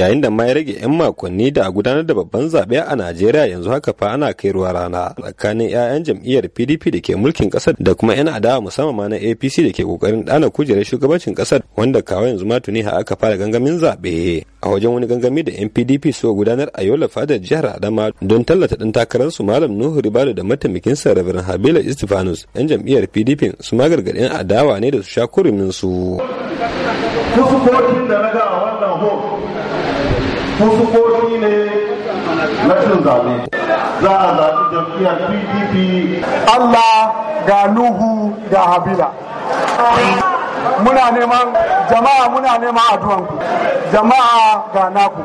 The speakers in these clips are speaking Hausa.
yayin da ma ya rage 'yan makonni da a gudanar da babban zaɓe a najeriya yanzu haka fa ana kai ruwa rana tsakanin 'ya'yan jam'iyyar pdp da ke mulkin ƙasar da kuma 'yan adawa musamman ma na apc da ke ƙoƙarin ɗana kujerar shugabancin ƙasar wanda kawo yanzu ma tuni ha aka fara gangamin zaɓe a wajen wani gangami da 'yan pdp suka gudanar a yola fadar jihar adama don tallata ɗan takararsu malam nuhu ribalo da mataimakinsa rabarin habila istifanus 'yan jam'iyyar pdp su ma gargaɗin adawa ne da su sha kurumin su. fuskoki ne na cin zaɓe za a zaɓi jam'iyyar pdp allah ga nuhu da habila muna neman jama'a muna neman addu'anku jama'a ga naku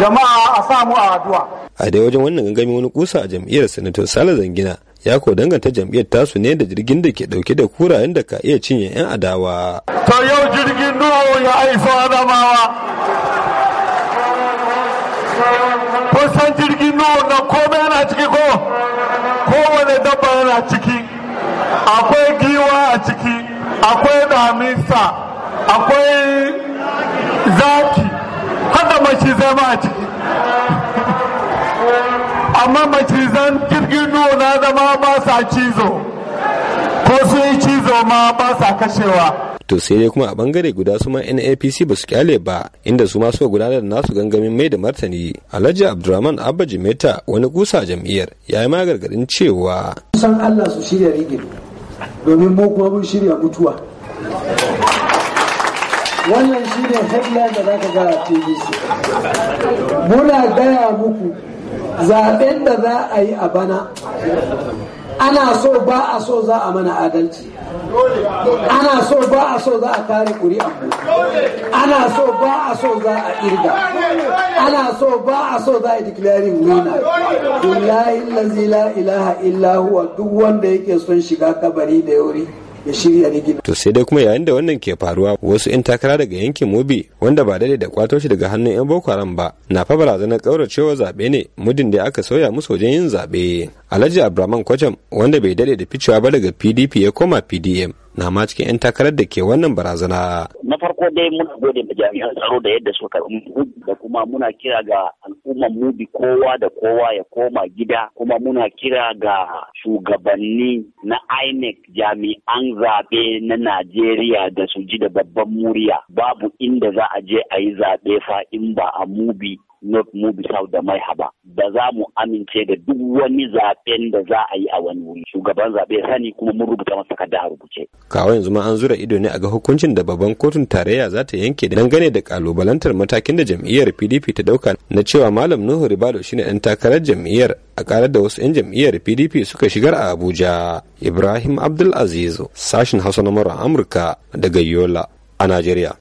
jama'a a samu a addu'a a dai wajen wannan gangami wani kusa a jam'iyyar sanato sale zangina ya ko danganta jam'iyyar tasu ne da jirgin da ke dauke da kurayen da ka iya cinye 'yan adawa. Ta yau jirgin nuhu ya aifo adamawa kusan jirgin nuhu na komai yana ciki ko kowane dabba yana ciki akwai giwa a ciki akwai damisa akwai zaki hada mace zama a ciki amma zan jirgin nuhu na zama ba sa cizo ko sun yi cizo ma ba sa kashewa to sai dai kuma a bangare guda su ma NAPC ba su kyale ba inda su ma suka gudanar da nasu gangamin mai da martani Alhaji Abdulrahman Abba Jimeta wani kusa jam'iyyar ya yi magargadin cewa san Allah su shirya rigin domin mu kuma mun shirya mutuwa wannan ne headline da za ka ga a TVC muna gaya muku zaɓen da za a yi a bana ana so ba a so za a mana adalci ana so ba a so za a kare ƙuri'a ana so ba a so za a irga ana so ba a so za a yi declaring winner billahi allazi la ilaha illa huwa duk wanda yake son shiga kabari da yori. ya shirya ne gina. To sai dai kuma yayin da wannan ke faruwa wasu 'yan takara daga yankin Mobi wanda ba daidai da kwato shi daga hannun 'yan Boko Haram ba na fa barazanar kauracewa zaɓe ne muddin da aka sauya musu wajen yin zaɓe. Alhaji Abraman Kwajam wanda bai daɗe da ficewa ba daga PDP ya koma PDM na ma cikin 'yan takarar da ke wannan barazana. Na farko dai muna gode da jami'an tsaro da yadda suka karɓi da kuma muna kira ga al'ummar mu bi kowa da kowa ya koma gida kuma muna kira ga shugabanni na INEC jami'an zaɓe na Najeriya da su ji da babban muriya. babu inda za a je a yi zaɓe fa in ba a mubi not Mubi South da Mai ba. Da za mu amince da duk wani zaben da za a yi a wani wuri shugaban zaɓe ya sani kuma mun rubuta masa takarda a rubuce. kawo yanzu ma an zura ido ne a ga hukuncin da babban kotun tarayya za ta yanke dangane da kalubalantar matakin da jam'iyyar pdp ta dauka na cewa malam nuhu ribalo shine dan takarar jam'iyyar a karar da wasu 'yan jam'iyyar pdp suka shigar a abuja ibrahim abdulaziz sashin hausa na amurka daga yola a najeriya